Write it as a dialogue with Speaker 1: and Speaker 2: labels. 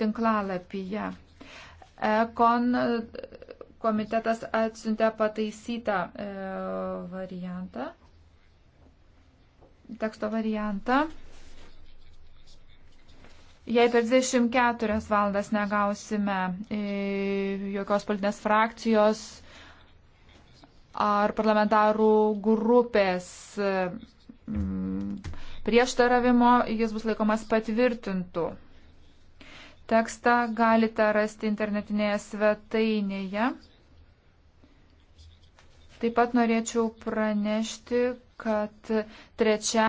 Speaker 1: tinklalapyje. Kon komitetas atsiuntė pataisytą e, variantą, teksto variantą. Jei per 24 valandas negausime e, jokios politinės frakcijos ar parlamentarų grupės e, prieštaravimo, jis bus laikomas patvirtintų. Tekstą galite rasti internetinėje svetainėje. Taip pat norėčiau pranešti, kad trečia.